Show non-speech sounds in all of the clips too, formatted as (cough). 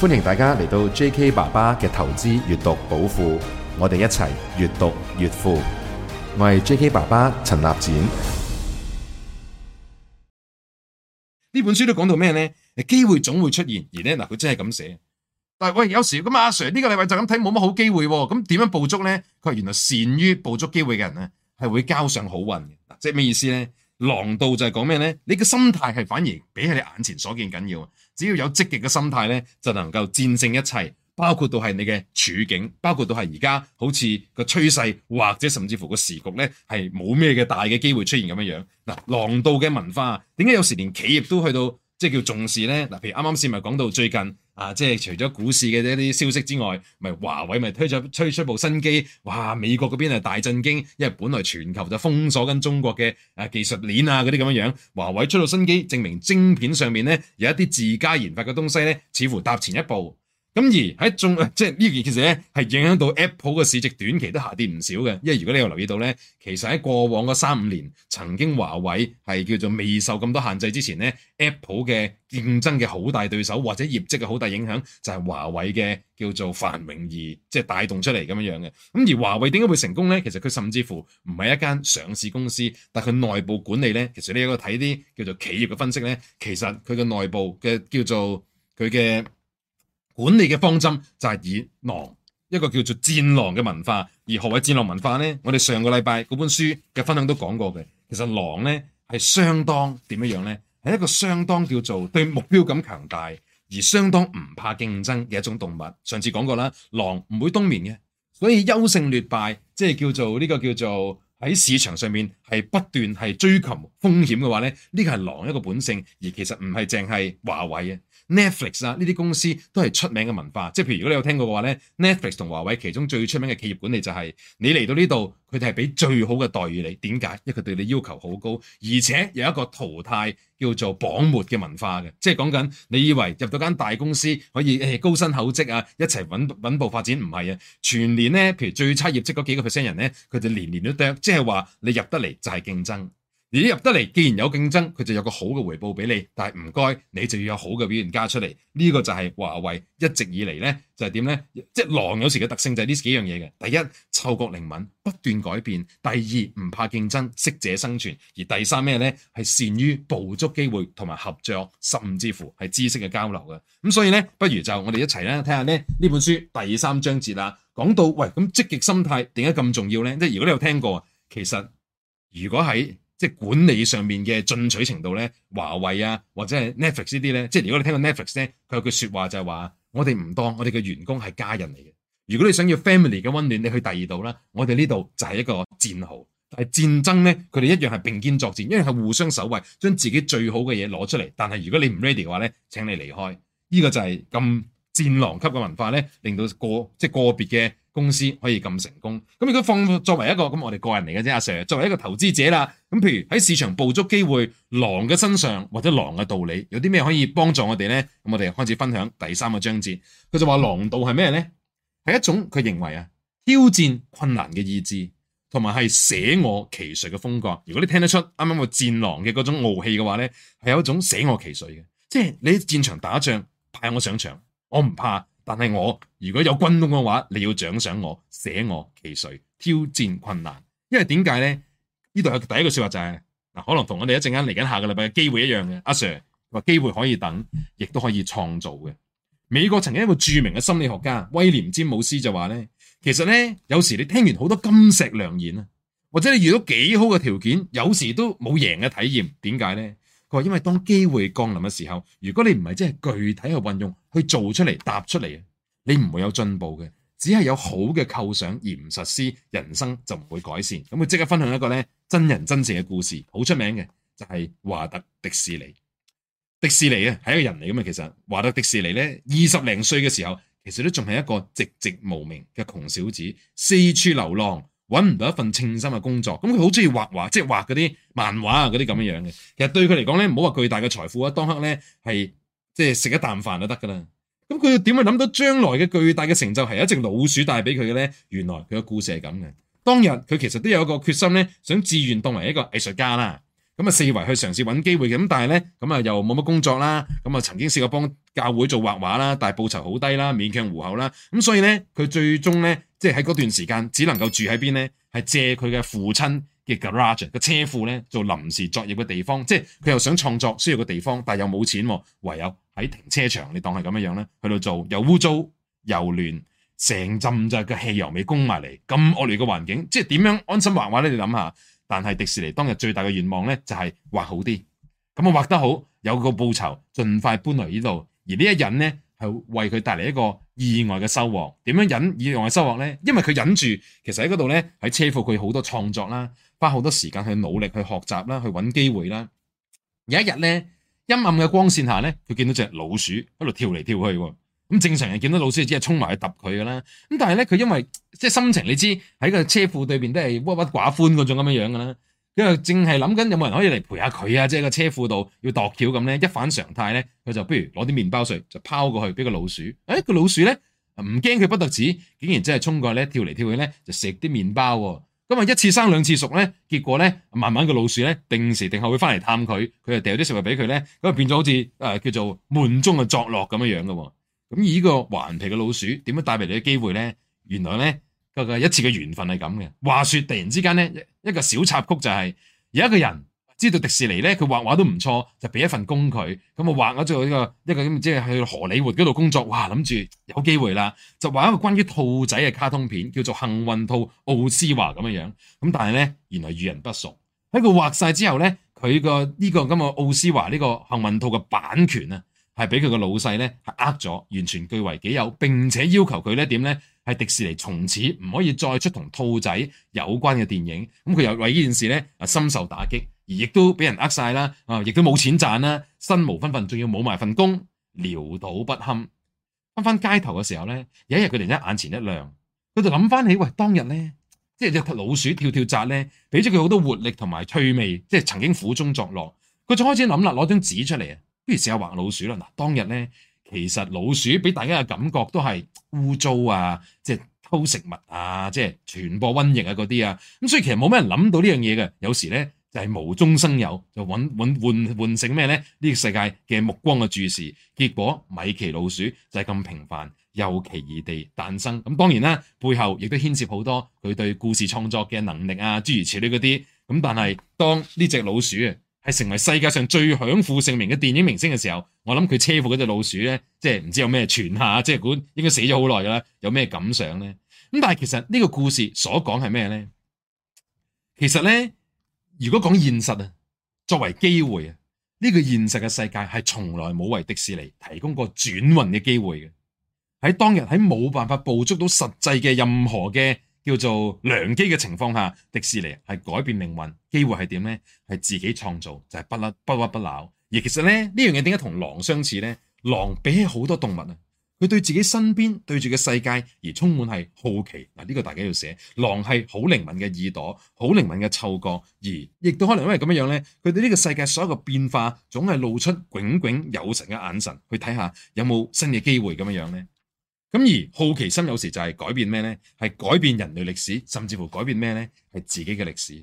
歡迎大家嚟到 J.K. 爸爸嘅投資閱讀寶庫，我哋一齊閱讀越富。我係 J.K. 爸爸陳立展。呢本書都講到咩咧？機會總會出現，而咧嗱佢真係咁寫。但係喂，有時咁阿、啊、Sir 呢個禮拜就咁睇冇乜好機會，咁點樣捕捉咧？佢話原來善於捕捉機會嘅人咧係會交上好運嘅，即係咩意思咧？狼道就係講咩咧？你嘅心態係反而比起你眼前所見緊要。只要有積極嘅心態呢，就能夠戰勝一切，包括到係你嘅處境，包括到係而家好似個趨勢，或者甚至乎個時局咧，係冇咩嘅大嘅機會出現咁樣樣。嗱、啊，狼道嘅文化點解有時連企業都去到？即係叫重視咧，嗱，譬如啱啱先咪講到最近啊，即係除咗股市嘅一啲消息之外，咪華為咪推咗推出，推出一部新機，哇！美國嗰邊係大震驚，因為本來全球就封鎖緊中國嘅、啊、技術鏈啊嗰啲咁樣，華為出到新機，證明晶片上面呢有一啲自家研發嘅東西呢，似乎踏前一步。咁而喺仲即係呢件，其實咧係影響到 Apple 嘅市值短期都下跌唔少嘅。因為如果你有留意到咧，其實喺過往嘅三五年，曾經華為係叫做未受咁多限制之前咧，Apple 嘅競爭嘅好大對手或者業績嘅好大影響就係華為嘅叫做繁榮爾，即係帶動出嚟咁樣樣嘅。咁而華為點解會成功咧？其實佢甚至乎唔係一間上市公司，但佢內部管理咧，其實你有個睇啲叫做企業嘅分析咧，其實佢嘅內部嘅叫做佢嘅。管理嘅方針就係以狼，一個叫做戰狼嘅文化。而何謂戰狼文化呢？我哋上個禮拜嗰本書嘅分享都講過嘅。其實狼呢係相當點樣樣呢，係一個相當叫做對目標感強大而相當唔怕競爭嘅一種動物。上次講過啦，狼唔會冬眠嘅，所以優勝劣敗，即係叫做呢個叫做喺市場上面。係不斷係追求風險嘅話咧，呢個係狼一個本性，而其實唔係淨係華為啊、Netflix 啊呢啲公司都係出名嘅文化。即係譬如如果你有聽過嘅話咧，Netflix 同華為其中最出名嘅企業管理就係、是、你嚟到呢度，佢哋係俾最好嘅待遇你。點解？因為佢對你要求好高，而且有一個淘汰叫做榜末嘅文化嘅。即係講緊，你以為入到間大公司可以誒高薪厚職啊，一齊穩穩步發展，唔係啊！全年咧，譬如最差業績嗰幾個 percent 人咧，佢哋年年都掉。即係話你入得嚟。就係競爭，而入得嚟，既然有競爭，佢就有個好嘅回報俾你。但係唔該，你就要有好嘅表現加出嚟。呢、這個就係華為一直以嚟呢，就係、是、點呢？即係狼有時嘅特性就係呢幾樣嘢嘅。第一，嗅覺靈敏，不斷改變；第二，唔怕競爭，適者生存；而第三咩呢？係善於捕捉機會同埋合作，甚至乎係知識嘅交流嘅。咁所以呢，不如就我哋一齊咧睇下咧呢本書第三章節啦，講到：「喂，咁積極心態點解咁重要呢？」即係如果你有聽過，其實。如果喺即係管理上面嘅進取程度咧，華為啊或者係 Netflix 呢啲咧，即係如果你聽過 Netflix 咧，佢有句說話就係話，我哋唔當我哋嘅員工係家人嚟嘅。如果你想要 family 嘅溫暖，你去第二度啦。我哋呢度就係一個戰壕，但係戰爭咧，佢哋一樣係並肩作戰，一樣係互相守衛，將自己最好嘅嘢攞出嚟。但係如果你唔 ready 嘅話咧，請你離開。呢、這個就係咁。戰狼級嘅文化咧，令到個即係個別嘅公司可以咁成功。咁如果放作為一個咁我哋個人嚟嘅啫，阿 Sir，作為一個投資者啦，咁譬如喺市場捕捉機會，狼嘅身上或者狼嘅道理，有啲咩可以幫助我哋咧？咁我哋開始分享第三個章節。佢就話狼道係咩咧？係一種佢認為啊，挑戰困難嘅意志，同埋係捨我其誰嘅風格。如果你聽得出啱啱個戰狼嘅嗰種傲氣嘅話咧，係有一種捨我其誰嘅，即係你喺戰場打仗派我上場。我唔怕，但係我如果有軍功嘅話，你要獎賞我，捨我其誰，挑戰困難。因為點解呢？呢度有第一個說話就係，嗱、可能同我哋一陣間嚟緊下個禮拜嘅機會一樣嘅。阿 Sir 話機會可以等，亦都可以創造嘅。美國曾經一個著名嘅心理學家威廉詹姆斯就話呢，其實呢，有時你聽完好多金石良言啊，或者你遇到幾好嘅條件，有時都冇贏嘅體驗。點解呢？」因為當機會降臨嘅時候，如果你唔係即係具體去運用去做出嚟踏出嚟，你唔會有進步嘅，只係有好嘅構想而唔實施，人生就唔會改善。咁佢即刻分享一個真人真事嘅故事，好出名嘅就係、是、華特迪士尼。迪士尼啊，係一個人嚟噶嘛，其實華特迪士尼呢二十零歲嘅時候，其實都仲係一個寂寂無名嘅窮小子，四處流浪。搵唔到一份稱心嘅工作，咁佢好中意畫畫，即係畫嗰啲漫畫啊，嗰啲咁樣樣嘅。其實對佢嚟講咧，唔好話巨大嘅財富啊，當刻咧係即係食一啖飯就得噶啦。咁佢點會諗到將來嘅巨大嘅成就係一隻老鼠帶俾佢嘅呢？原來佢嘅故事係咁嘅。當日佢其實都有一個決心咧，想自願當為一個藝術家啦。咁啊，四圍去嘗試揾機會嘅，咁但係咧，咁啊又冇乜工作啦，咁啊曾經試過幫教會做畫畫啦，但係報酬好低啦，勉強糊口啦。咁所以咧，佢最終咧，即係喺嗰段時間只能夠住喺邊咧，係借佢嘅父親嘅 garage 嘅車庫咧做臨時作業嘅地方。即係佢又想創作需要個地方，但係又冇錢啊，唯有喺停車場。你當係咁樣樣咧，去到做又污糟又亂，成浸就嘅汽油味攻埋嚟，咁惡劣嘅環境，即係點樣安心畫畫咧？你諗下。但係迪士尼當日最大嘅願望咧，就係畫好啲。咁我畫得好，有個報酬，盡快搬嚟呢度。而呢一忍咧，係為佢帶嚟一個意外嘅收穫。點樣忍意外收穫咧？因為佢忍住，其實喺嗰度咧，喺車庫佢好多創作啦，花好多時間去努力去學習啦，去揾機會啦。有一日咧，陰暗嘅光綫下咧，佢見到隻老鼠喺度跳嚟跳去。咁正常人見到老鼠只係衝埋去揼佢噶啦，咁但係咧佢因為即係心情你知喺個車庫對面都係鬱鬱寡歡嗰種咁樣樣噶啦，因為淨係諗緊有冇人可以嚟陪下佢啊，即係個車庫度要度橋咁咧，一反常態咧，佢就不如攞啲麵包碎就拋過去俾個老鼠，誒、欸、個老鼠咧唔驚佢不特止，竟然真係衝過嚟咧跳嚟跳去咧就食啲麵包喎，咁啊一次生兩次熟咧，結果咧慢慢個老鼠咧定時定候會翻嚟探佢，佢就掉啲食物俾佢咧，咁啊變咗好似誒叫做悶中嘅作樂咁樣樣噶喎。咁以呢個頑皮嘅老鼠點樣帶俾你嘅機會咧？原來咧個個一次嘅緣分係咁嘅。話說突然之間咧，一個小插曲就係、是、有一個人知道迪士尼咧，佢畫畫都唔錯，就俾一份工佢。咁啊畫咗做呢個一個咁即係去荷里活嗰度工作。哇，諗住有機會啦，就畫一個關於兔仔嘅卡通片，叫做《幸運兔奧斯華》咁樣樣。咁但係咧，原來與人不熟喺佢畫晒之後咧，佢個呢個咁個奧斯華呢、這個幸運兔嘅版權啊！係俾佢個老細咧係呃咗，完全據為己有，並且要求佢咧點咧係迪士尼從此唔可以再出同兔仔有關嘅電影。咁佢又為呢件事咧啊深受打擊，而亦都俾人呃晒啦，啊亦都冇錢賺啦，身無分文，仲要冇埋份工，潦倒不堪。翻翻街頭嘅時候咧，有一日佢突然間眼前一亮，佢就諗翻起喂，當日咧即係隻老鼠跳跳紮咧，俾咗佢好多活力同埋趣味，即係曾經苦中作樂。佢就開始諗啦，攞張紙出嚟啊！不如試下畫老鼠啦！嗱，當日咧，其實老鼠俾大家嘅感覺都係污糟啊，即係偷食物啊，即係傳播瘟疫啊嗰啲啊。咁所以其實冇咩人諗到呢樣嘢嘅。有時咧就係無中生有，就揾揾換換成咩咧？呢個世界嘅目光嘅注視，結果米奇老鼠就係咁平凡又奇異地誕生。咁當然啦，背後亦都牽涉好多佢對故事創作嘅能力啊，諸如此類嗰啲。咁但係當呢隻老鼠啊～係成為世界上最享負盛名嘅電影明星嘅時候，我諗佢車過嗰隻老鼠咧，即係唔知有咩傳下，即係管應該死咗好耐㗎啦，有咩感想咧？咁但係其實呢個故事所講係咩咧？其實咧，如果講現實啊，作為機會啊，呢個現實嘅世界係從來冇為迪士尼提供過轉運嘅機會嘅。喺當日喺冇辦法捕捉到實際嘅任何嘅。叫做良機嘅情況下，迪士尼係改變命運機會係點呢？係自己創造，就係不甩不屈不撓。而其實咧，呢樣嘢點解同狼相似呢？狼比起好多動物啊，佢對自己身邊對住嘅世界而充滿係好奇。嗱、這、呢個大家要寫，狼係好靈敏嘅耳朵，好靈敏嘅嗅覺，而亦都可能因為咁樣樣咧，佢對呢個世界所有嘅變化總係露出炯炯有神嘅眼神去睇下有冇新嘅機會咁樣樣咧。咁而好奇心有時就係改變咩咧？係改變人類歷史，甚至乎改變咩咧？係自己嘅歷史。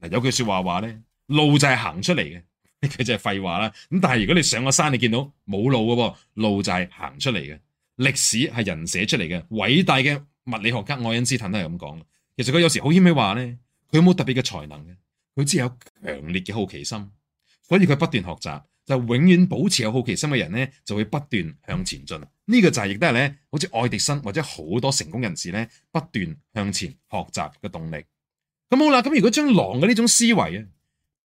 嗱，有句說話話咧，路就係行出嚟嘅，佢就係廢話啦。咁但係如果你上個山，你見到冇路噶，路就係行出嚟嘅。歷史係人寫出嚟嘅。偉大嘅物理學家愛因斯坦都係咁講啦。其實佢有時好謙虛話咧，佢有冇特別嘅才能嘅，佢只有強烈嘅好奇心，所以佢不斷學習。就永遠保持有好奇心嘅人咧，就會不斷向前進。呢、這個就係亦都係咧，好似愛迪生或者好多成功人士咧，不斷向前學習嘅動力。咁、嗯、好啦，咁如果將狼嘅呢種思維啊，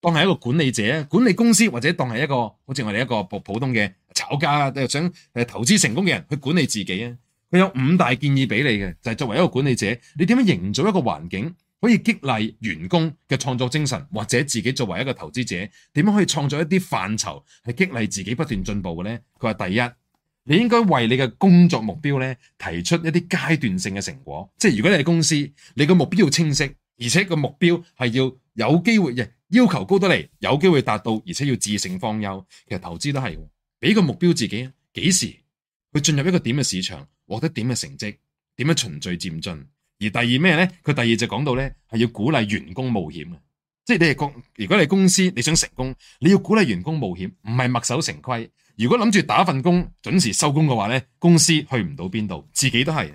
當係一個管理者管理公司，或者當係一個好似我哋一個普普通嘅炒家啊，又想誒投資成功嘅人去管理自己啊，佢有五大建議俾你嘅，就係、是、作為一個管理者，你點樣營造一個環境？可以激勵員工嘅創作精神，或者自己作為一個投資者點樣可以創造一啲範疇係激勵自己不斷進步嘅呢？佢話：第一，你應該為你嘅工作目標呢提出一啲階段性嘅成果。即係如果你係公司，你個目標要清晰，而且個目標係要有機會，要求高得嚟，有機會達到，而且要自勝方休。其實投資都係，俾個目標自己幾時去進入一個點嘅市場，獲得點嘅成績，點樣循序漸進。而第二咩呢？佢第二就講到呢，係要鼓勵員工冒險，即係你哋公，如果你公司你想成功，你要鼓勵員工冒險，唔係墨守成規。如果諗住打，打份工準時收工嘅話呢，公司去唔到邊度，自己都係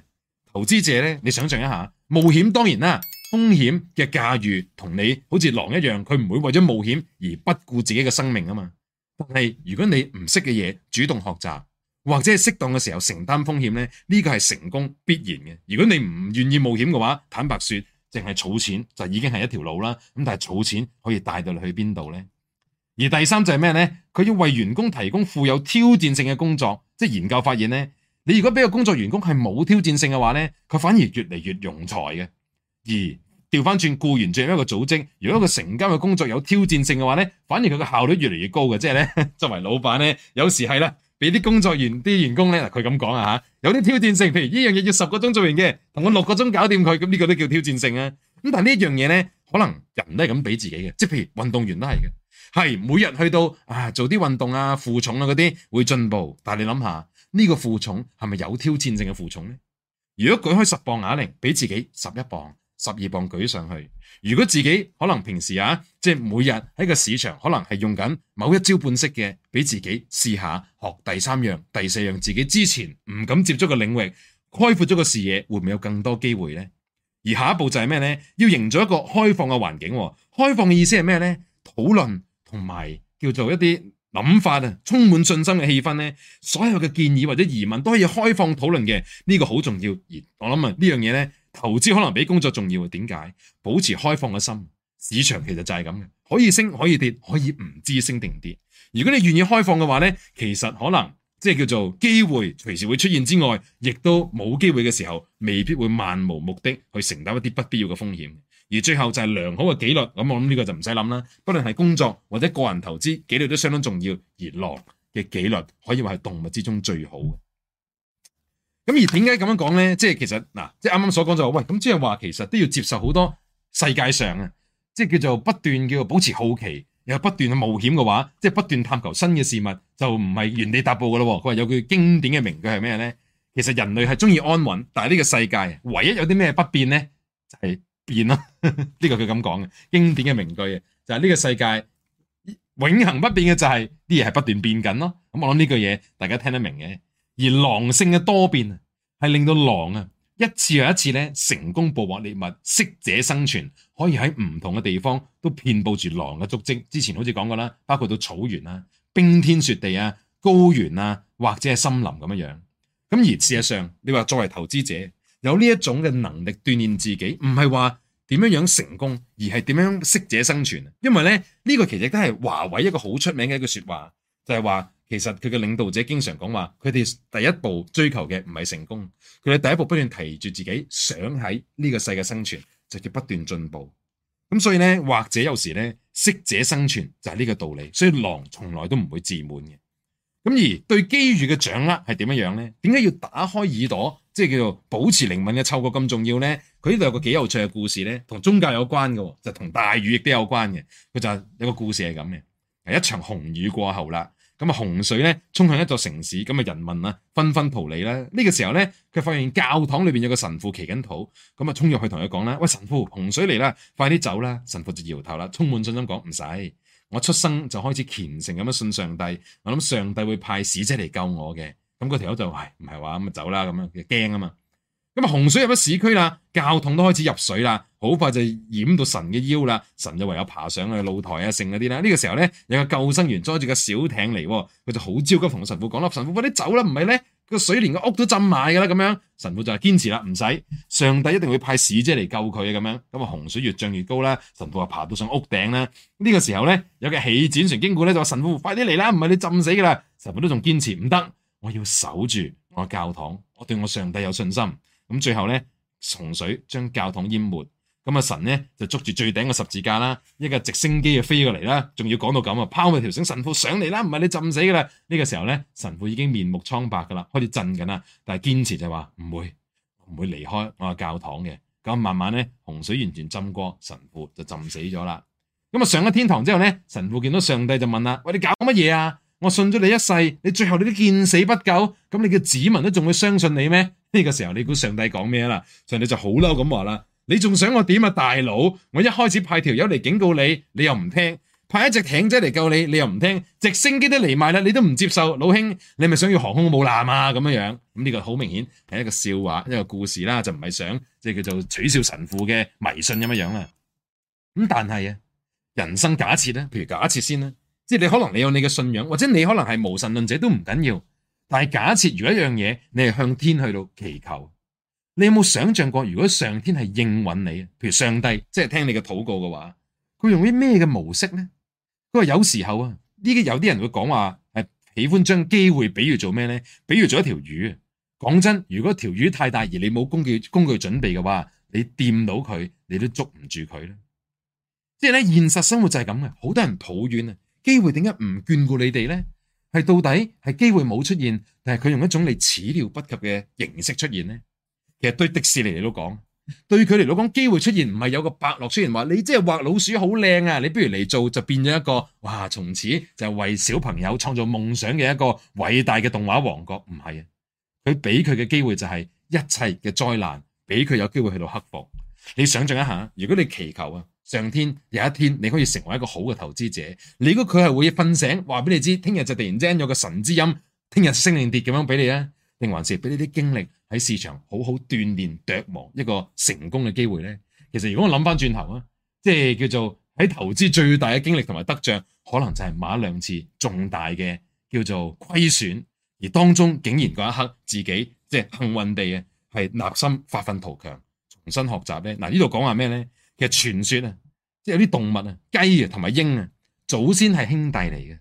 投資者呢，你想象一下，冒險當然啦，風險嘅駕馭同你好似狼一樣，佢唔會為咗冒險而不顧自己嘅生命啊嘛。但係如果你唔識嘅嘢，主動學習。或者係適當嘅時候承擔風險咧，呢個係成功必然嘅。如果你唔願意冒險嘅話，坦白說，淨係儲錢就已經係一條路啦。咁但係儲錢可以帶到你去邊度呢？而第三就係咩呢？佢要為員工提供富有挑戰性嘅工作。即係研究發現呢，你如果俾個工作員工係冇挑戰性嘅話呢，佢反而越嚟越庸才嘅。而調翻轉僱員進入一個組織，如果一個成家嘅工作有挑戰性嘅話呢，反而佢嘅效率越嚟越高嘅。即係呢，作為老闆呢，有時係啦。你啲工作員啲員工咧，嗱佢咁講啊吓，有啲挑戰性，譬如呢樣嘢要十個鐘做完嘅，同我六個鐘搞掂佢，咁呢個都叫挑戰性啊！咁但呢樣嘢咧，可能人都係咁俾自己嘅，即係譬如運動員都係嘅，係每日去到啊做啲運動啊負重啊嗰啲會進步，但係你諗下呢個負重係咪有挑戰性嘅負重咧？如果舉開十磅啞鈴，俾自己十一磅。十二磅舉上去，如果自己可能平時啊，即係每日喺個市場，可能係用緊某一招半式嘅，俾自己試下學第三樣、第四樣，自己之前唔敢接觸嘅領域，開闊咗個視野，會唔會有更多機會呢？而下一步就係咩呢？要營造一個開放嘅環境，開放嘅意思係咩呢？討論同埋叫做一啲諗法啊，充滿信心嘅氣氛呢。所有嘅建議或者疑問都可以開放討論嘅，呢個好重要。而我諗啊，呢樣嘢呢。投資可能比工作重要，點解？保持開放嘅心，市場其實就係咁嘅，可以升可以跌，可以唔知升定跌。如果你願意開放嘅話呢，其實可能即係叫做機會隨時會出現之外，亦都冇機會嘅時候，未必會漫無目的去承擔一啲不必要嘅風險。而最後就係良好嘅紀律，咁我諗呢個就唔使諗啦。不論係工作或者個人投資，紀律都相當重要。而狼嘅紀律可以話係動物之中最好嘅。咁而點解咁樣講咧？即係其實嗱，即係啱啱所講就係喂，咁即係話其實都要接受好多世界上啊，即係叫做不斷叫做保持好奇，又不斷去冒險嘅話，即係不斷探求新嘅事物，就唔係原地踏步噶咯。佢話有句經典嘅名句係咩咧？其實人類係中意安穩，但係呢個世界唯一有啲咩不變咧，就係變咯。呢 (laughs) 個佢咁講嘅經典嘅名句啊，就係呢個世界永恒不變嘅就係啲嘢係不斷變緊咯。咁我諗呢句嘢大家聽得明嘅。而狼性嘅多變，係令到狼啊一次又一次咧成功捕獲獵物，適者生存，可以喺唔同嘅地方都遍布住狼嘅足跡。之前好似講過啦，包括到草原啦、冰天雪地啊、高原啊，或者係森林咁樣樣。咁而事實上，你話作為投資者有呢一種嘅能力鍛煉自己，唔係話點樣樣成功，而係點樣適者生存。因為咧呢、這個其實都係華為一個好出名嘅一句說話，就係、是、話。其實佢嘅領導者經常講話，佢哋第一步追求嘅唔係成功，佢哋第一步不斷提住自己想喺呢個世界生存，就叫不斷進步。咁所以呢，或者有時呢適者生存就係呢個道理。所以狼從來都唔會自滿嘅。咁而對機遇嘅掌握係點樣樣呢？點解要打開耳朵，即係叫做保持靈敏嘅嗅覺咁重要呢？佢呢度有個幾有趣嘅故事呢，同宗教有關嘅，就同大禹亦都有關嘅。佢就係有個故事係咁嘅，係一場紅雨過後啦。洪水咧沖向一座城市，咁人民啊紛紛逃離啦。呢、這個時候咧，佢發現教堂裏面有個神父祈緊禱，咁啊沖入去同佢講啦：喂神父，洪水嚟啦，快啲走啦！神父就搖頭啦，充滿信心講：唔使，我出生就開始虔誠咁樣信上帝，我諗上帝會派使者嚟救我嘅。咁嗰條友就說：唔係話咁啊走啦，咁樣佢驚啊嘛。咁啊！洪水入咗市區啦，教堂都開始入水啦，好快就淹到神嘅腰啦。神就唯有爬上去露台啊，剩嗰啲啦。呢、這個時候咧，有個救生員揸住個小艇嚟，佢就好焦急同神父講啦：神父，快啲走啦！唔係咧，個水連個屋都浸埋噶啦咁樣。神父就係堅持啦，唔使，上帝一定會派使者嚟救佢咁樣。咁啊，洪水越漲越高啦，神父啊爬到上屋頂啦。呢、這個時候咧，有架氣墊船經過咧，就話，神父快啲嚟啦，唔係你浸死噶啦。神父都仲堅持，唔得，我要守住我教堂，我對我上帝有信心。咁最後咧，洪水將教堂淹沒，咁啊神呢就捉住最頂嘅十字架啦，一架直升機就飛過嚟啦，仲要講到咁啊拋佢條繩，神父上嚟啦，唔係你浸死噶啦，呢個時候呢神父已經面目蒼白噶啦，開始震緊啦，但係堅持就話唔會唔會離開我嘅教堂嘅，咁慢慢呢洪水完全浸過神父就浸死咗啦，咁啊上咗天堂之後呢，神父見到上帝就問啦，喂，你搞乜嘢啊，我信咗你一世，你最後你都見死不救，咁你嘅子民都仲會相信你咩？呢個時候你估上帝講咩啦？上帝就好嬲咁話啦，你仲想我點啊，大佬？我一開始派條友嚟警告你，你又唔聽；派一隻艇仔嚟救你，你又唔聽；直升機都嚟埋啦，你都唔接受，老兄，你係咪想要航空母艦啊？咁樣樣咁呢個好明顯係一個笑話，一個故事啦，就唔係想即係叫做取笑神父嘅迷信咁樣樣啦。咁但係啊，人生假設咧，譬如假設先啦，即係你可能你有你嘅信仰，或者你可能係無神論者都唔緊要。但係假設如果一樣嘢，你係向天去到祈求，你有冇想象過如果上天係應允你，譬如上帝即係聽你嘅禱告嘅話，佢用啲咩嘅模式咧？佢話有時候啊，呢啲有啲人會講話係喜歡將機會比喻做咩咧？比喻做一條魚。講真，如果條魚太大而你冇工具工具準備嘅話，你掂到佢，你都捉唔住佢咧。即係咧，現實生活就係咁嘅，好多人抱怨啊，機會點解唔眷顧你哋咧？係到底係機會冇出現，定係佢用一種你始料不及嘅形式出現呢？其實對迪士尼嚟都講，對佢嚟都講，機會出現唔係有個伯樂出現話你即係畫老鼠好靚啊，你不如嚟做就變咗一個哇，從此就為小朋友創造夢想嘅一個偉大嘅動畫王國，唔係啊？佢俾佢嘅機會就係一切嘅災難俾佢有機會去到克服。你想象一下，如果你祈求啊？上天有一天你可以成為一個好嘅投資者，你如果佢係會瞓醒，話俾你知，聽日就突然之間有個神之音，聽日升定跌咁樣俾你咧，定還是俾你啲經歷喺市場好好鍛煉、琢磨一個成功嘅機會呢？其實如果我諗翻轉頭啊，即係叫做喺投資最大嘅經歷同埋得獎，可能就係買兩次重大嘅叫做虧損，而當中竟然嗰一刻自己即係幸運地啊，係立心發奮圖強，重新學習、啊、講講呢。嗱呢度講話咩呢？其實傳說啊，即係有啲動物啊，雞啊同埋鷹啊，祖先係兄弟嚟嘅。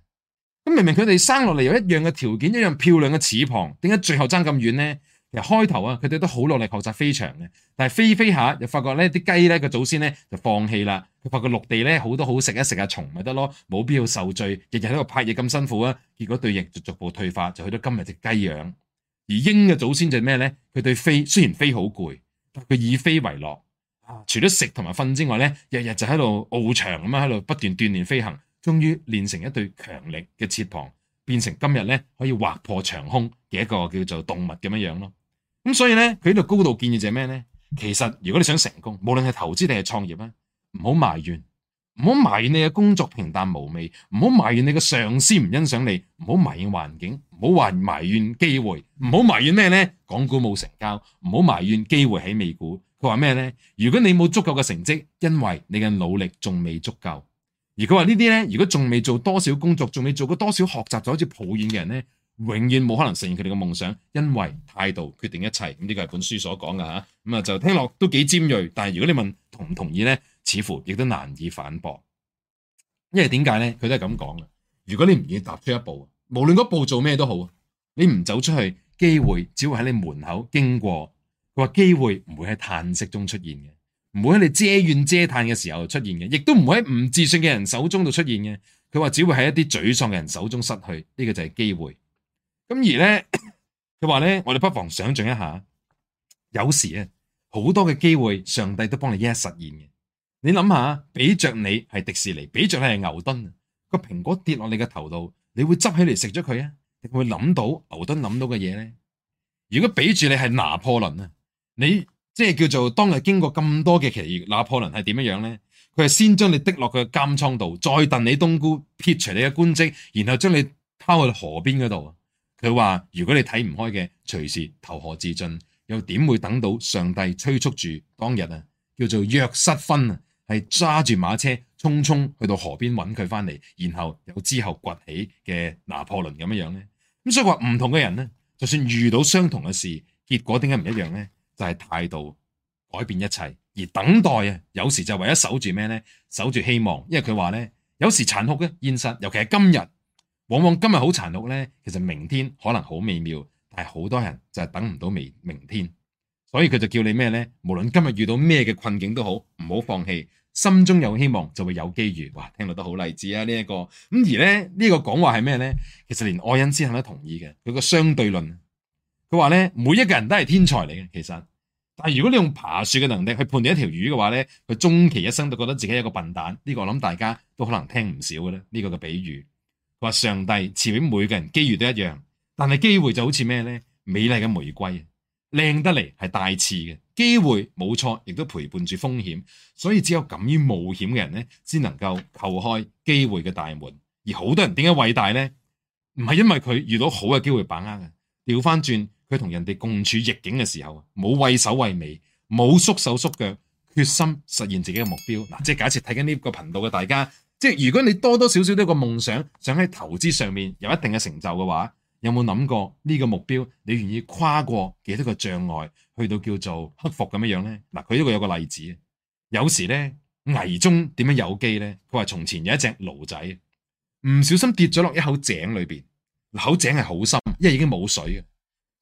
咁明明佢哋生落嚟有一樣嘅條件，一樣漂亮嘅翅膀，點解最後爭咁遠咧？其實開頭啊，佢哋都好努力學習飛翔嘅，但係飛飛下又發覺咧，啲雞咧個祖先咧就放棄啦。佢發覺陸地咧好多好食，一食下蟲咪得咯，冇必要受罪，日日喺度拍嘢咁辛苦啊。結果對翼就逐步退化，就去到今日隻雞樣。而鷹嘅祖先就係咩咧？佢對飛雖然飛好攰，但佢以飛為樂。除咗食同埋瞓之外咧，日日就喺度翱翔咁樣，喺度不斷鍛煉飛行，終於練成一對強力嘅翅膀，變成今日咧可以劃破長空嘅一個叫做動物咁樣樣咯。咁所以咧，佢呢度高度建議就係咩咧？其實如果你想成功，無論係投資定係創業啊，唔好埋怨，唔好埋怨你嘅工作平淡無味，唔好埋怨你嘅上司唔欣賞你，唔好埋怨環境，唔好話埋怨機會，唔好埋怨咩咧？港股冇成交，唔好埋怨機會喺美股。佢話咩呢？如果你冇足夠嘅成績，因為你嘅努力仲未足夠。而佢話呢啲呢，如果仲未做多少工作，仲未做過多少學習，就開始抱怨嘅人呢，永遠冇可能實現佢哋嘅夢想，因為態度決定一切。咁呢個係本書所講嘅吓，咁、嗯、啊就聽落都幾尖銳。但係如果你問同唔同意呢，似乎亦都難以反駁。因為點解呢？佢都係咁講嘅。如果你唔願意踏出一步，無論嗰步做咩都好，你唔走出去，機會只會喺你門口經過。佢話機會唔會喺嘆息中出現嘅，唔會喺你嗟怨嗟嘆嘅時候出現嘅，亦都唔會喺唔自信嘅人手中度出現嘅。佢話只會喺一啲沮喪嘅人手中失去，呢個就係機會。咁而咧，佢話咧，我哋不妨想象一下，有時啊，好多嘅機會，上帝都幫你一實現嘅。你諗下，俾着你係迪士尼，俾着你係牛頓，個蘋果跌落你嘅頭度，你會執起嚟食咗佢啊？定會諗到牛頓諗到嘅嘢咧？如果俾住你係拿破崙啊？你即係叫做當日經過咁多嘅奇遇，拿破崙係點樣樣咧？佢係先將你滴落佢嘅監倉度，再燉你冬菇，撇除你嘅官職，然後將你拋去河邊嗰度。佢話如果你睇唔開嘅，隨時投河自盡，又點會等到上帝催促住當日啊？叫做約瑟芬啊，係揸住馬車匆匆去到河邊揾佢翻嚟，然後又之後崛起嘅拿破崙咁樣樣咧。咁所以話唔同嘅人咧，就算遇到相同嘅事，結果點解唔一樣咧？就係態度改變一切，而等待啊，有時就為咗守住咩呢？守住希望，因為佢話呢，有時殘酷嘅現實，尤其係今日，往往今日好殘酷呢。其實明天可能好美妙，但係好多人就係等唔到明明天，所以佢就叫你咩呢？無論今日遇到咩嘅困境都好，唔好放棄，心中有希望就會有機遇。哇，聽落都好勵志啊！呢一個咁，而呢，呢個講話係咩呢？其實連愛因斯坦都同意嘅，佢個相對論。佢話咧，每一個人都係天才嚟嘅，其實。但係如果你用爬樹嘅能力去判斷一條魚嘅話咧，佢終其一生都覺得自己係一個笨蛋。呢個我諗大家都可能聽唔少嘅咧。呢個嘅比喻，佢話上帝賜俾每個人機遇都一樣，但係機會就好似咩咧？美麗嘅玫瑰，靚得嚟係帶刺嘅。機會冇錯，亦都陪伴住風險。所以只有敢於冒險嘅人咧，先能夠叩開機會嘅大門。而好多人點解偉大咧？唔係因為佢遇到好嘅機會把握嘅，調翻轉。佢同人哋共處逆境嘅時候冇畏手畏尾，冇縮手縮腳，決心實現自己嘅目標。嗱，即係假設睇緊呢個頻道嘅大家，即係如果你多多少少都有個夢想，想喺投資上面有一定嘅成就嘅話，有冇諗過呢個目標，你願意跨過幾多個障礙，去到叫做克服咁樣樣咧？嗱，佢呢個有個例子，有時咧危中點樣有機咧？佢話從前有一隻驢仔，唔小心跌咗落一口井裏邊，口井係好深，因為已經冇水。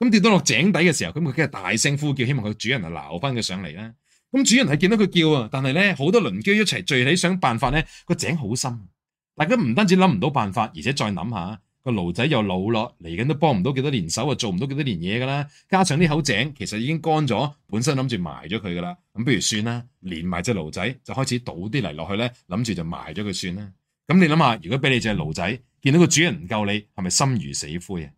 咁跌到落井底嘅時候，咁佢梗係大聲呼叫，希望佢主人嚟攞翻佢上嚟啦。咁主人係見到佢叫啊，但係咧好多鄰居一齊聚起想辦法咧。個井好深，大家唔單止諗唔到辦法，而且再諗下，個驢仔又老咯，嚟緊都幫唔到幾多年手啊，做唔到幾多年嘢噶啦。加上呢口井其實已經乾咗，本身諗住埋咗佢噶啦。咁不如算啦，連埋隻驢仔就開始倒啲泥落去咧，諗住就埋咗佢算啦。咁你諗下，如果俾你隻驢仔見到個主人唔救你，係咪心如死灰啊？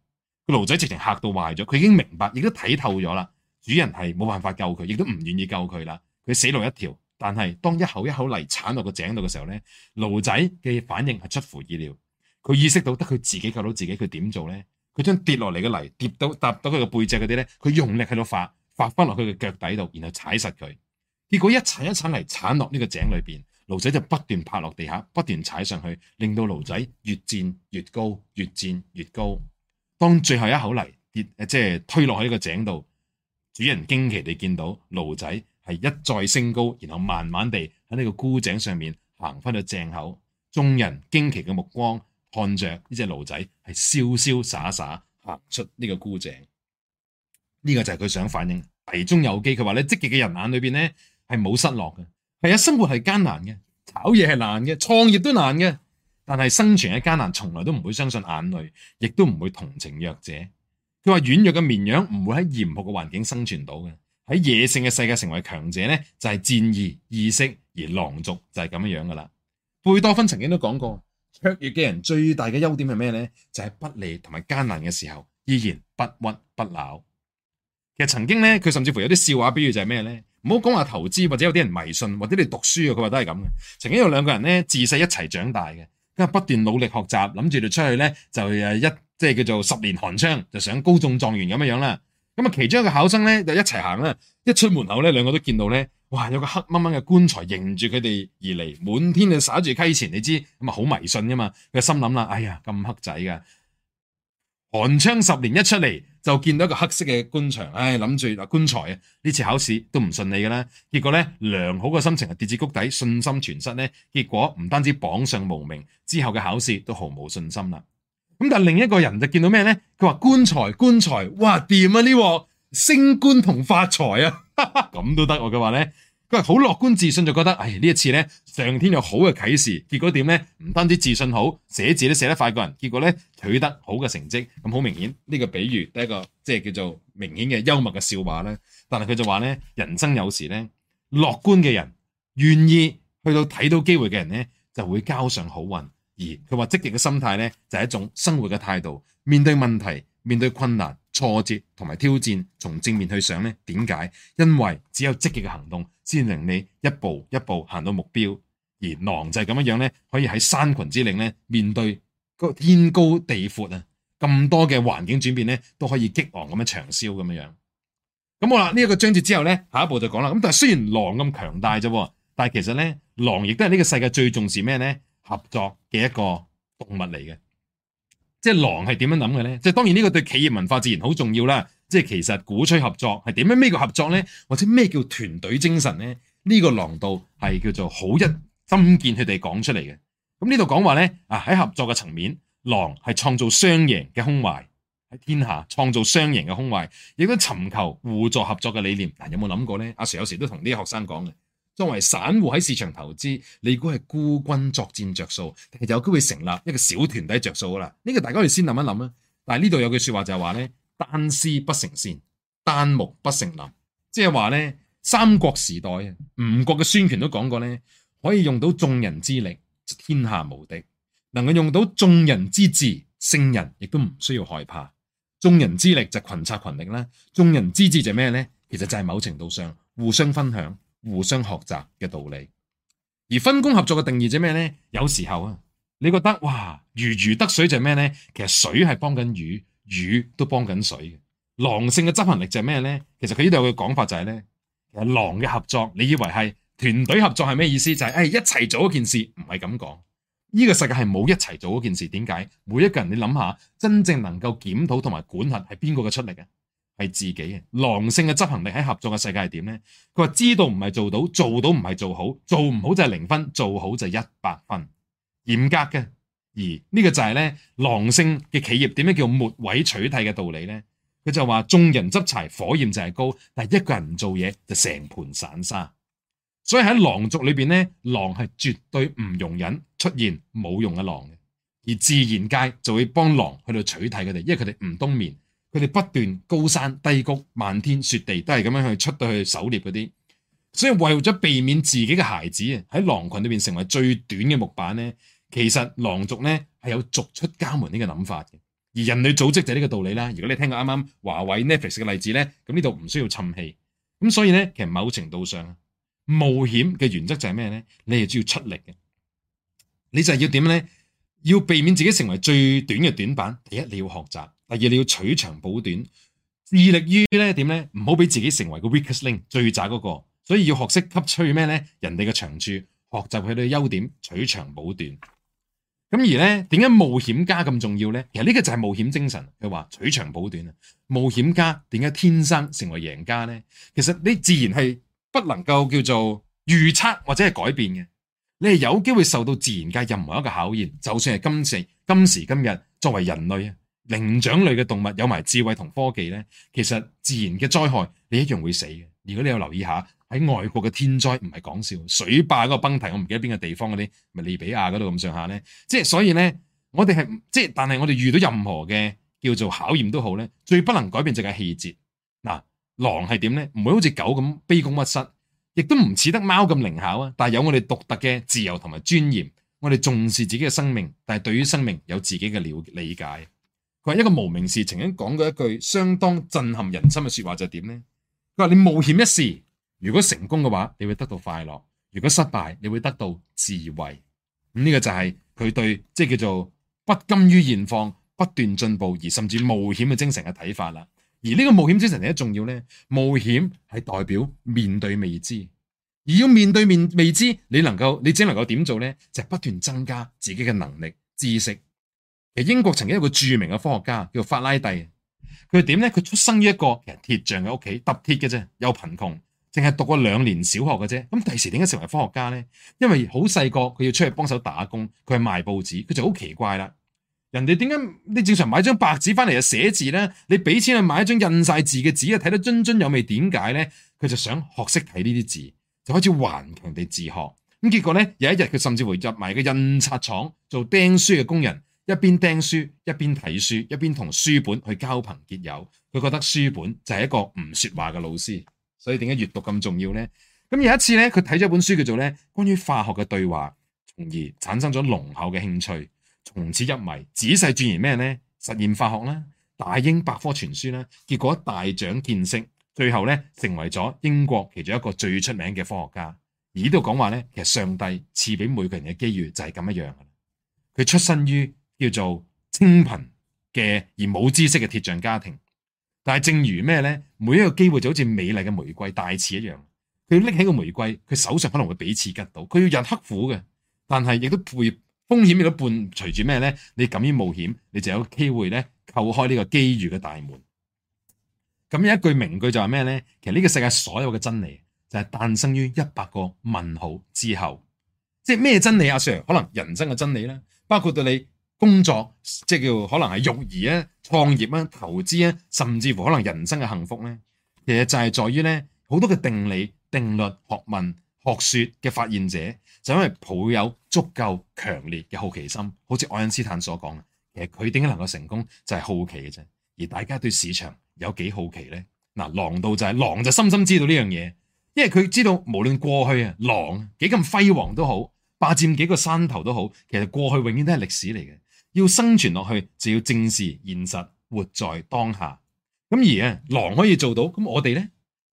個驢仔直情嚇到壞咗，佢已經明白，亦都睇透咗啦。主人係冇辦法救佢，亦都唔願意救佢啦。佢死路一條。但係當一口一口泥鏟落個井度嘅時候咧，驢仔嘅反應係出乎意料。佢意識到得佢自己救到自己，佢點做咧？佢將跌落嚟嘅泥跌到踏到佢個背脊嗰啲咧，佢用力喺度發發翻落佢嘅腳底度，然後踩實佢。結果一鏟一鏟泥鏟落呢個井裏邊，驢仔就不斷拍落地下，不斷踩上去，令到驢仔越戰越高，越戰越高。當最後一口泥跌，即係推落喺呢個井度，主人驚奇地見到驢仔係一再升高，然後慢慢地喺呢個枯井上面行翻到井口，眾人驚奇嘅目光看着呢隻驢仔係瀟瀟灑灑行出呢個枯井，呢、這個就係佢想反映，危中有機。佢話咧，積極嘅人眼裏邊咧係冇失落嘅，係啊，生活係艱難嘅，炒嘢係難嘅，創業都難嘅。但係生存嘅艱難，從來都唔會相信眼淚，亦都唔會同情弱者。佢話軟弱嘅綿羊唔會喺嚴酷嘅環境生存到嘅，喺野性嘅世界成為強者咧，就係、是、戰意意識而狼族就係咁樣樣噶啦。貝多芬曾經都講過，卓越嘅人最大嘅優點係咩咧？就係、是、不利同埋艱難嘅時候依然不屈不撓。其實曾經咧，佢甚至乎有啲笑話比喻，比如就係咩咧？唔好講話投資或者有啲人迷信或者你讀書啊，佢話都係咁嘅。曾經有兩個人咧，自細一齊長大嘅。咁不斷努力學習，諗住出去咧，就一即係叫做十年寒窗，就想高中狀元咁樣樣啦。咁其中一個考生咧就一齊行啦，一出門口咧，兩個都見到咧，哇，有個黑掹掹嘅棺材迎住佢哋而嚟，滿天就灑住溪錢，你知咁啊，好迷信噶嘛。佢就心諗啦，哎呀，咁黑仔噶，寒窗十年一出嚟。就見到一個黑色嘅棺材，唉，諗住嗱棺材啊，呢次考試都唔順利嘅啦。結果咧，良好嘅心情係跌至谷底，信心全失咧。結果唔單止榜上無名，之後嘅考試都毫無信心啦。咁但係另一個人就見到咩咧？佢話棺材，棺材，哇掂啊，呢個升官同發財啊，咁 (laughs) 都得喎，佢話咧。好樂觀自信就覺得，哎呢一次呢，上天有好嘅啟示。結果點呢？唔單止自信好，寫字都寫得快過人，結果呢，取得好嘅成績。咁、嗯、好明顯，呢、呢個比喻第一個即係叫做明顯嘅幽默嘅笑話呢。但係佢就話呢，人生有時呢，樂觀嘅人願意去到睇到機會嘅人呢，就會交上好運。而佢話積極嘅心態呢，就係、一種生活嘅態度。面對問題、面對困難、挫折同埋挑戰，從正面去想呢點解？因為只有積極嘅行動。先令你一步一步行到目標，而狼就係咁樣樣咧，可以喺山群之領咧，面對個天高地闊啊，咁多嘅環境轉變咧都可以激昂咁樣長嘯咁樣樣。咁好啦，呢一個章節之後咧，下一步就講啦。咁但係雖然狼咁強大啫，但係其實咧狼亦都係呢個世界最重視咩咧？合作嘅一個動物嚟嘅。即係狼係點樣諗嘅咧？即係當然呢個對企業文化自然好重要啦。即係其實鼓吹合作係點樣？咩叫合作呢？或者咩叫團隊精神呢？呢個狼道係叫做好一針見佢哋講出嚟嘅。咁呢度講話呢，啊喺合作嘅層面，狼係創造雙贏嘅胸懷喺天下創雙贏，創造雙贏嘅胸懷，亦都尋求互助合作嘅理念。嗱，有冇諗過呢？阿 Sir 有時都同啲學生講嘅，作為散戶喺市場投資，你估係孤軍作戰着數，定係有機會成立一個小團體着數啦。呢個大家要先諗一諗啦。但係呢度有句說話就係話呢。單絲不成線，單木不成林，即係話呢，三國時代吳國嘅孫權都講過呢，可以用到眾人之力，天下無敵，能夠用到眾人之智，聖人亦都唔需要害怕。眾人之力就群策群力啦，眾人之智就咩呢？其實就係某程度上互相分享、互相學習嘅道理。而分工合作嘅定義就咩呢？有時候啊，你覺得哇，如魚得水就咩呢？其實水係幫緊魚。魚都幫緊水嘅，狼性嘅執行力就係咩呢？其實佢呢度嘅講法就係呢：其實狼嘅合作，你以為係團隊合作係咩意思？就係誒一齊做一件事，唔係咁講。呢個世界係冇一齊做一件事，點解？每一個人你諗下，真正能夠檢討同埋管轄係邊個嘅出力啊？係自己嘅。狼性嘅執行力喺合作嘅世界係點呢？佢話知道唔係做到，做到唔係做好，做唔好就係零分，做好就係一百分，嚴格嘅。而呢個就係咧狼性嘅企業點樣叫末位取締嘅道理呢？佢就話眾人執柴火焰就係高，但係一個人唔做嘢就成盤散沙。所以喺狼族裏邊咧，狼係絕對唔容忍出現冇用嘅狼嘅，而自然界就會幫狼去到取締佢哋，因為佢哋唔冬眠，佢哋不斷高山低谷、漫天雪地都係咁樣去出到去狩獵嗰啲。所以為咗避免自己嘅孩子啊喺狼群裏邊成為最短嘅木板呢。其實狼族咧係有逐出家門呢個諗法嘅，而人類組織就係呢個道理啦。如果你聽過啱啱華為 Netflix 嘅例子咧，咁呢度唔需要沉氣。咁所以咧，其實某程度上冒險嘅原則就係咩咧？你係要出力嘅，你就係要點咧？要避免自己成為最短嘅短板。第一你要學習，第二你要取長補短，致力於咧點咧？唔好俾自己成為個 weakest link 最渣嗰個。所以要學識吸取咩咧？人哋嘅長處，學習佢哋嘅優點，取長補短。咁而咧，點解冒險家咁重要咧？其實呢個就係冒險精神。佢話取長補短啊！冒險家點解天生成為贏家咧？其實你自然係不能夠叫做預測或者係改變嘅。你係有機會受到自然界任何一個考驗，就算係今時今時今日作為人類啊，靈長類嘅動物有埋智慧同科技咧，其實自然嘅災害你一樣會死嘅。如果你有留意下。喺外國嘅天災唔係講笑，水壩嗰個崩堤，我唔記得邊個地方嗰啲，咪利比亞嗰度咁上下咧。即係所以咧，我哋係即係，但係我哋遇到任何嘅叫做考驗都好咧，最不能改變就係氣節。嗱，狼係點咧？唔會好似狗咁卑躬屈膝，亦都唔似得貓咁靈巧啊。但係有我哋獨特嘅自由同埋尊嚴，我哋重視自己嘅生命，但係對於生命有自己嘅了理解。佢話一個無名氏曾經講過一句相當震撼人心嘅說話就，就係點咧？佢話你冒險一試。如果成功嘅話，你會得到快樂；如果失敗，你會得到智慧。呢、嗯這個就係佢對即係、就是、叫做不甘於現況、不斷進步而甚至冒險嘅精神嘅睇法啦。而呢個冒險精神，第一重要咧，冒險係代表面對未知，而要面對面未知，你能夠你只能夠點做咧，就係、是、不斷增加自己嘅能力、知識。其實英國曾經有個著名嘅科學家叫法拉第，佢係點咧？佢出生於一個鐵匠嘅屋企，揼鐵嘅啫，又貧窮。淨係讀過兩年小學嘅啫，咁第時點解成為科學家呢？因為好細個，佢要出去幫手打工，佢係賣報紙，佢就好奇怪啦。人哋點解你正常買張白紙翻嚟就寫字呢？你俾錢去買一張印晒字嘅紙啊，睇得津津有味，點解呢？佢就想學識睇呢啲字，就開始頑強地自學。咁結果呢，有一日佢甚至會入埋個印刷廠做釘書嘅工人，一邊釘書，一邊睇書，一邊同書，書本去交朋結友。佢覺得書本就係一個唔說話嘅老師。所以點解閱讀咁重要呢？咁有一次咧，佢睇咗一本書叫做咧關於化學嘅對話，從而產生咗濃厚嘅興趣，從此入迷，仔細鑽研咩咧？實驗化學啦，大英百科全書啦，結果大長見識，最後咧成為咗英國其中一個最出名嘅科學家。而呢度講話咧，其實上帝賜俾每個人嘅機遇就係咁一樣。佢出身於叫做清貧嘅而冇知識嘅鐵匠家庭。但係正如咩呢，每一個機會就好似美麗嘅玫瑰帶刺一樣，佢要拎起個玫瑰，佢手上可能會俾刺拮到。佢要人刻苦嘅，但係亦都伴風險，亦都伴隨住咩呢？你敢於冒險，你就有機會呢，叩開呢個機遇嘅大門。咁有一句名句就係咩呢？其實呢個世界所有嘅真理，就係誕生於一百個問號之後。即係咩真理？阿 Sir，可能人生嘅真理呢，包括到你，工作即係叫可能係育兒啊、創業啊、投資啊，甚至乎可能人生嘅幸福咧，其實就係在於咧好多嘅定理、定律、學問、學說嘅發現者，就因為抱有足夠強烈嘅好奇心。好似愛因斯坦所講嘅，其實佢點解能夠成功就係、是、好奇嘅啫。而大家對市場有幾好奇咧？嗱、呃，狼道就係、是、狼就深深知道呢樣嘢，因為佢知道無論過去啊，狼幾咁輝煌都好，霸佔幾個山頭都好，其實過去永遠都係歷史嚟嘅。要生存落去就要正視現實，活在當下。咁而啊，狼可以做到，咁我哋呢？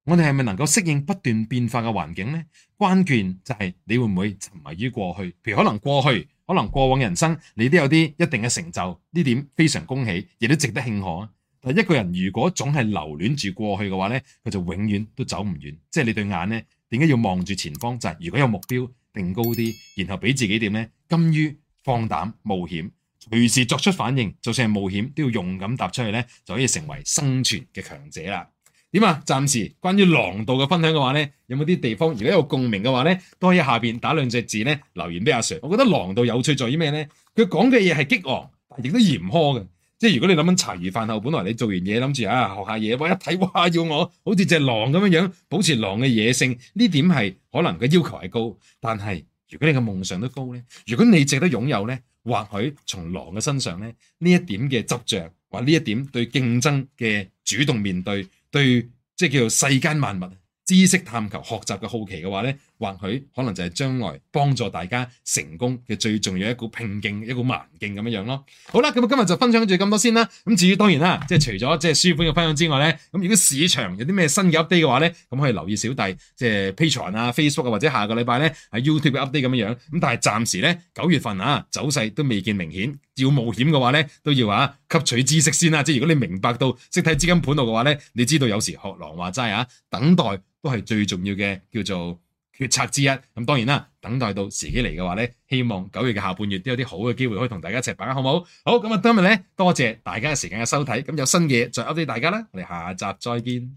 我哋係咪能夠適應不斷變化嘅環境呢？關鍵就係你會唔會沉迷於過去？譬如可能過去，可能過往人生你都有啲一定嘅成就，呢點非常恭喜，亦都值得慶賀啊！但一個人如果總係留戀住過去嘅話呢，佢就永遠都走唔遠。即係你對眼呢，點解要望住前方？就係如果有目標，定高啲，然後俾自己點呢？甘於放膽冒險。隨時作出反應，就算係冒險，都要勇敢踏出去咧，就可以成為生存嘅強者啦。點啊？暫時關於狼道嘅分享嘅話咧，有冇啲地方如果有共鳴嘅話咧，都可以下邊打兩隻字咧留言俾阿 Sir。我覺得狼道有趣在於咩咧？佢講嘅嘢係激昂，但亦都嚴苛嘅。即係如果你諗緊茶餘飯後，本來你做完嘢諗住啊學下嘢，哇一睇，哇要我好似隻狼咁樣樣，保持狼嘅野性呢點係可能嘅，要求係高，但係如果你嘅夢想都高咧，如果你值得擁有咧。或許從狼嘅身上呢，呢一點嘅執着，或呢一點對競爭嘅主動面對，對，即叫做世間萬物。知識探求、學習嘅好奇嘅話咧，或許可能就係將來幫助大家成功嘅最重要一股拼勁、一股蠻勁咁樣樣咯。好啦，咁今日就分享住咁多先啦。咁至於當然啦，即係除咗即係書本嘅分享之外咧，咁如果市場有啲咩新嘅 update 嘅話咧，咁可以留意小弟即係 Patreon 啊、Facebook 啊或者下個禮拜咧喺 YouTube 嘅 update 咁樣樣。咁但係暫時咧九月份啊走勢都未見明顯。要冒險嘅話咧，都要啊吸取知識先啦。即係如果你明白到識睇資金盤度嘅話咧，你知道有時學狼話齋啊，等待都係最重要嘅叫做決策之一。咁當然啦，等待到時機嚟嘅話咧，希望九月嘅下半月都有啲好嘅機會可以同大家一齊把握，好唔好？好咁啊，今日咧多謝大家嘅時間嘅收睇，咁有新嘢再 update 俾大家啦，我哋下集再見。